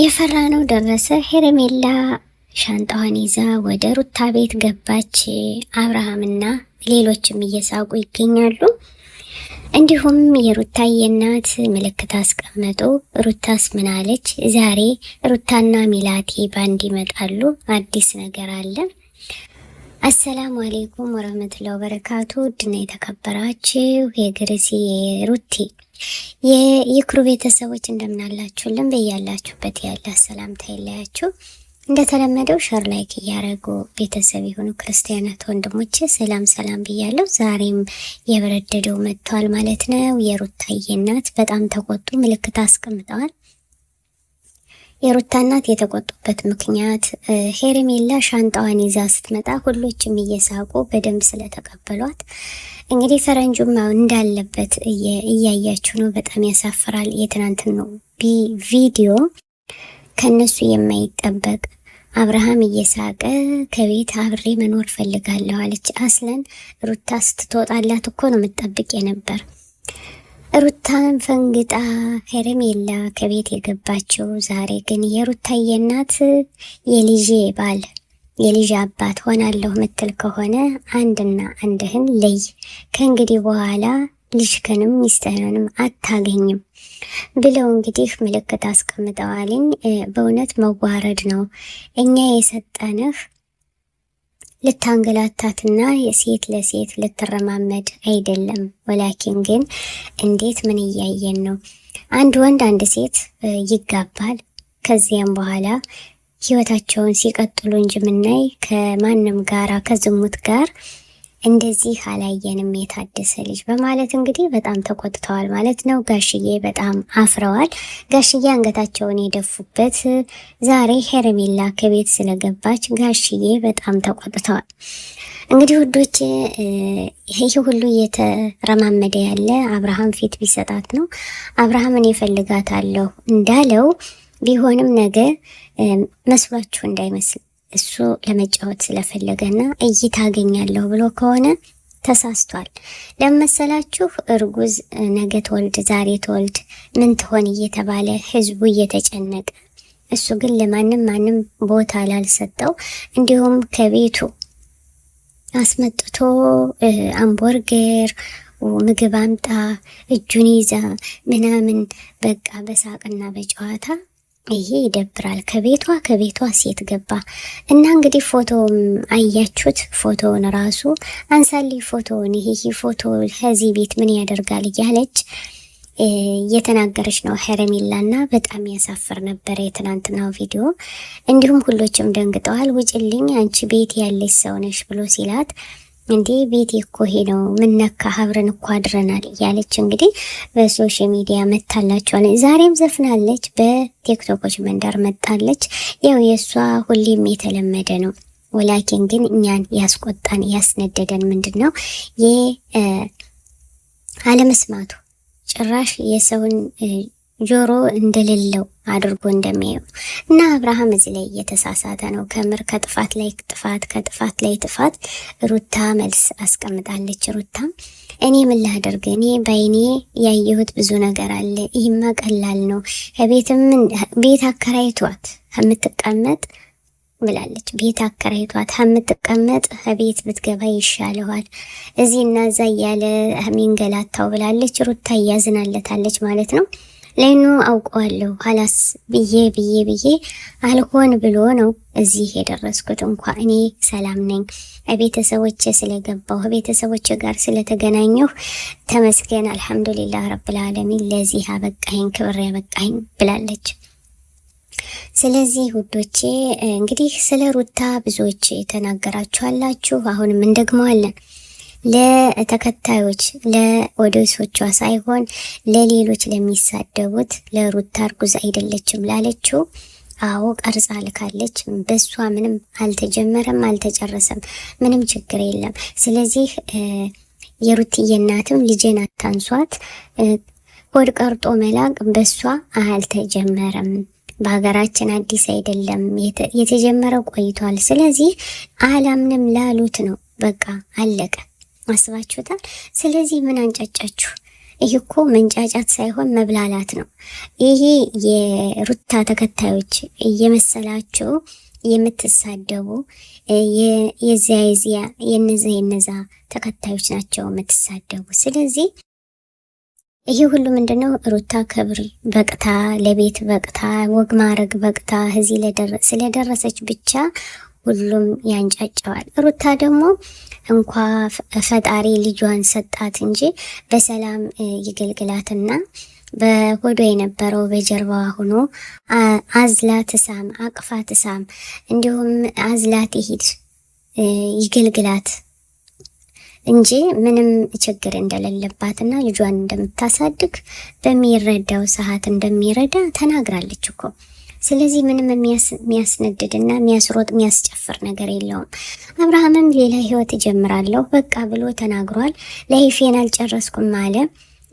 የፈራ ነው ደረሰ። ሄረሜላ ሻንጣዋን ይዛ ወደ ሩታ ቤት ገባች። አብርሃምና ሌሎችም እየሳቁ ይገኛሉ። እንዲሁም የሩታ የእናት ምልክት አስቀመጡ። ሩታስ ምናለች? ዛሬ ሩታና ሚላቴ ባንድ ይመጣሉ። አዲስ ነገር አለ። አሰላሙ አሌይኩም ወረመቱላ ወበረካቱ። ውድና የተከበራችሁ የግርሲ የሩቲ የይክሩ ቤተሰቦች እንደምን አላችሁልን? በያላችሁበት ያለ ሰላምታ ይለያችሁ። እንደተለመደው ሸር ላይክ እያደረጉ ቤተሰብ የሆኑ ክርስቲያናት ወንድሞቼ ሰላም ሰላም ብያለሁ። ዛሬም የበረደደው መጥተዋል ማለት ነው። የሩታዬ እናት በጣም ተቆጡ፣ ምልክት አስቀምጠዋል። የሩታ እናት የተቆጡበት ምክንያት ሄርሜላ ሻንጣዋን ይዛ ስትመጣ ሁሎችም እየሳቁ በደንብ ስለተቀበሏት እንግዲህ ፈረንጁማ እንዳለበት እያያችሁ ነው። በጣም ያሳፍራል። የትናንትን ነው ቪዲዮ ከነሱ የማይጠበቅ አብርሃም እየሳቀ ከቤት አብሬ መኖር ፈልጋለሁ አለች። አስለን ሩታ ስትትወጣላት እኮ ነው የምትጠብቅ የነበር ሩታን ፈንግጣ ሄርሜላ ከቤት የገባቸው ዛሬ ግን የሩታዬ እናት የልጄ ባል የልጅ አባት ሆናለሁ ምትል ከሆነ አንድና አንድህን ለይ። ከእንግዲህ በኋላ ልጅክንም ሚስትህንም አታገኝም ብለው እንግዲህ ምልክት አስቀምጠዋልኝ። በእውነት መዋረድ ነው። እኛ የሰጠንህ ልታንገላታትና የሴት ለሴት ልትረማመድ አይደለም። ወላኪን ግን እንዴት ምን እያየን ነው? አንድ ወንድ አንድ ሴት ይጋባል። ከዚያም በኋላ ህይወታቸውን ሲቀጥሉ እንጂ ምናይ ከማንም ጋራ ከዝሙት ጋር እንደዚህ አላየንም የታደሰ ልጅ በማለት እንግዲህ በጣም ተቆጥተዋል ማለት ነው። ጋሽዬ በጣም አፍረዋል። ጋሽዬ አንገታቸውን የደፉበት ዛሬ ሄርሜላ ከቤት ስለገባች ጋሽዬ በጣም ተቆጥተዋል። እንግዲህ ውዶች ይህ ሁሉ እየተረማመደ ያለ አብርሃም ፊት ቢሰጣት ነው። አብርሃምን የፈልጋታለሁ እንዳለው ቢሆንም ነገ መስሏችሁ እንዳይመስል እሱ ለመጫወት ስለፈለገና እይታ አገኛለሁ ብሎ ከሆነ ተሳስቷል። ለመሰላችሁ እርጉዝ ነገ ተወልድ፣ ዛሬ ተወልድ፣ ምን ትሆን እየተባለ ህዝቡ እየተጨነቀ እሱ ግን ለማንም ማንም ቦታ ላልሰጠው እንዲሁም ከቤቱ አስመጥቶ አምቦርገር ምግብ አምጣ እጁን ይዛ ምናምን በቃ በሳቅና በጨዋታ ይሄ ይደብራል። ከቤቷ ከቤቷ ሴት ገባ እና እንግዲህ ፎቶውም አያችሁት። ፎቶውን ራሱ አንሳሊ ፎቶውን ይሄ ፎቶ ከዚህ ቤት ምን ያደርጋል እያለች እየተናገረች ነው ሄረሚላ እና በጣም ያሳፍር ነበረ የትናንትናው ቪዲዮ። እንዲሁም ሁሎችም ደንግጠዋል። ውጭልኝ አንቺ ቤት ያለች ሰው ነሽ ብሎ ሲላት እንዴ ቤት እኮ ይሄ ነው ምነካ ሀብረን እኮ አድረናል እያለች እንግዲህ በሶሻል ሚዲያ መታላችኋል። ዛሬም ዘፍናለች፣ በቲክቶኮች መንደር መጣለች። ያው የእሷ ሁሌም የተለመደ ነው። ወላኪን ግን እኛን ያስቆጣን ያስነደደን ምንድን ነው አለመስማቱ ጭራሽ የሰውን ጆሮ እንደሌለው አድርጎ እንደሚያየው እና አብርሃም እዚህ ላይ እየተሳሳተ ነው። ከምር ከጥፋት ላይ ጥፋት፣ ከጥፋት ላይ ጥፋት። ሩታ መልስ አስቀምጣለች። ሩታ እኔ ምን ላደርግ? እኔ በአይኔ ያየሁት ብዙ ነገር አለ። ይህማ ቀላል ነው። ቤት አከራይቷት ከምትቀመጥ ብላለች። ቤት አከራይቷት ከምትቀመጥ ቤት ብትገባ ይሻለዋል፣ እዚህ እና እዛ እያለ ሚንገላታው ብላለች። ሩታ እያዝናለታለች ማለት ነው። ለኑ አውቀዋለሁ ኋላስ ብዬ ብዬ ብዬ አልሆን ብሎ ነው እዚህ የደረስኩት። እንኳ እኔ ሰላም ነኝ ቤተሰቦች ስለገባሁ ቤተሰቦች ጋር ስለተገናኘሁ ተመስገን፣ አልሐምዱሊላህ ረብልዓለሚን ለዚህ አበቃኝ፣ ክብር ያበቃኝ ብላለች። ስለዚህ ውዶቼ እንግዲህ ስለ ሩታ ብዙዎች ተናገራችኋላችሁ፣ አሁንም እንደግመዋለን። ለተከታዮች ለወደሶቿ ሳይሆን ለሌሎች ለሚሳደቡት ለሩታ እርጉዝ አይደለችም ላለችው አዎ ቀርጻ ልካለች። በሷ ምንም አልተጀመረም አልተጨረሰም፣ ምንም ችግር የለም። ስለዚህ የሩትዬ እናትም ልጄን አታንሷት፣ ሆድ ቀርጦ መላቅ በሷ አልተጀመረም፣ በሀገራችን አዲስ አይደለም፣ የተጀመረው ቆይቷል። ስለዚህ አላምንም ላሉት ነው በቃ አለቀ። አስባችሁታል? ስለዚህ ምን አንጫጫችሁ? ይህ እኮ መንጫጫት ሳይሆን መብላላት ነው። ይሄ የሩታ ተከታዮች እየመሰላችሁ የምትሳደቡ የዚያ የዚያ የነዛ የነዛ ተከታዮች ናቸው የምትሳደቡ። ስለዚህ ይሄ ሁሉ ምንድነው? ሩታ ክብር በቅታ፣ ለቤት በቅታ፣ ወግ ማረግ በቅታ እዚህ ስለደረሰች ብቻ ሁሉም ያንጫጫዋል። ሩታ ደግሞ እንኳ ፈጣሪ ልጇን ሰጣት እንጂ በሰላም ይገልግላትና በሆዷ የነበረው በጀርባዋ ሆኖ አዝላ ትሳም፣ አቅፋ ትሳም፣ እንዲሁም አዝላ ትሂድ ይገልግላት እንጂ ምንም ችግር እንደሌለባትና ልጇን እንደምታሳድግ በሚረዳው ሰዓት እንደሚረዳ ተናግራለች እኮ። ስለዚህ ምንም የሚያስነድድ እና የሚያስሮጥ የሚያስጨፍር ነገር የለውም። አብርሃምም ሌላ ህይወት እጀምራለሁ በቃ ብሎ ተናግሯል። ላይፌን አልጨረስኩም አለ።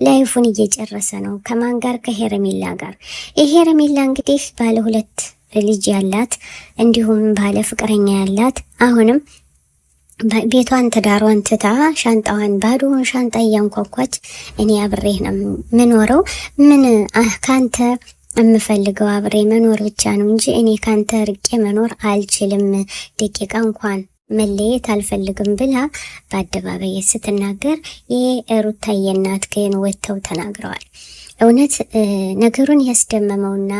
ላይፉን እየጨረሰ ነው። ከማን ጋር? ከሄረሜላ ጋር። የሄረሜላ እንግዲህ ባለ ሁለት ልጅ ያላት እንዲሁም ባለ ፍቅረኛ ያላት አሁንም ቤቷን ትዳሯን ትታ ሻንጣዋን ባዶውን ሻንጣ እያንኳኳች እኔ አብሬህ ነው ምኖረው ምን ከአንተ የምፈልገው አብሬ መኖር ብቻ ነው እንጂ እኔ ካንተ ርቄ መኖር አልችልም፣ ደቂቃ እንኳን መለየት አልፈልግም ብላ በአደባባይ ስትናገር ይሄ ሩታዬ እናት ግን ወጥተው ተናግረዋል። እውነት ነገሩን ያስደመመውና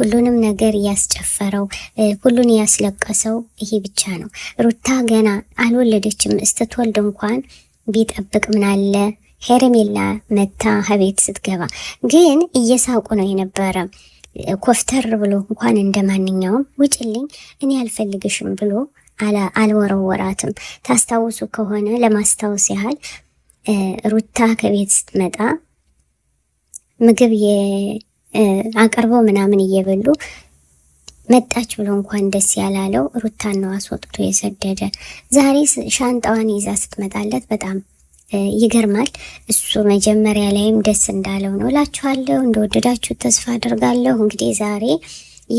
ሁሉንም ነገር ያስጨፈረው ሁሉን ያስለቀሰው ይሄ ብቻ ነው። ሩታ ገና አልወለደችም። እስትትወልድ እንኳን ቢጠብቅ ምናለ ሄርሜላ መታ ከቤት ስትገባ ግን እየሳቁ ነው የነበረ። ኮፍተር ብሎ እንኳን እንደ ማንኛውም ውጭልኝ እኔ አልፈልግሽም ብሎ አልወረወራትም። ታስታውሱ ከሆነ ለማስታወስ ያህል ሩታ ከቤት ስትመጣ ምግብ አቅርበው ምናምን እየበሉ መጣች ብሎ እንኳን ደስ ያላለው ሩታን ነው አስወጥቶ የሰደደ። ዛሬ ሻንጣዋን ይዛ ስትመጣለት በጣም ይገርማል። እሱ መጀመሪያ ላይም ደስ እንዳለው ነው እላችኋለሁ። እንደወደዳችሁ ተስፋ አድርጋለሁ። እንግዲህ ዛሬ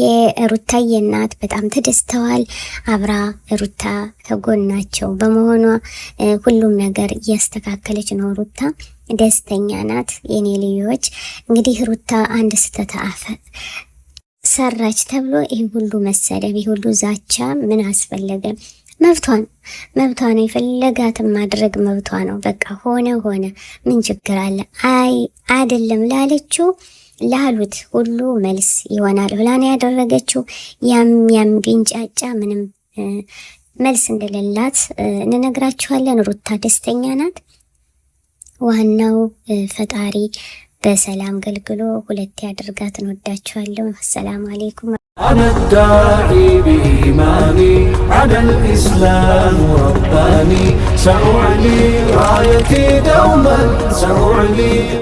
የሩታዬ እናት በጣም ተደስተዋል። አብራ ሩታ ከጎናቸው በመሆኗ ሁሉም ነገር እያስተካከለች ነው። ሩታ ደስተኛ ናት። የኔ ልዩዎች እንግዲህ ሩታ አንድ ስተት አፈ ሰራች ተብሎ ይህ ሁሉ መሰደብ ይህ ሁሉ ዛቻ ምን አስፈለገ? መብቷ ነው፣ መብቷ ነው። የፈለጋትን ማድረግ መብቷ ነው። በቃ ሆነ ሆነ፣ ምን ችግር አለ? አይ አይደለም ላለችው ላሉት ሁሉ መልስ ይሆናል ብላ ነው ያደረገችው። ያም ያም ቢንጫጫ ምንም መልስ እንደሌላት እንነግራችኋለን። ሩታ ደስተኛ ናት። ዋናው ፈጣሪ በሰላም ገልግሎ ሁለት ያድርጋት እንወዳችኋለሁ። አሰላሙ አሌይኩም أنا الداعي بإيماني على الإسلام رباني سأعلي رايتي دوما سأعلي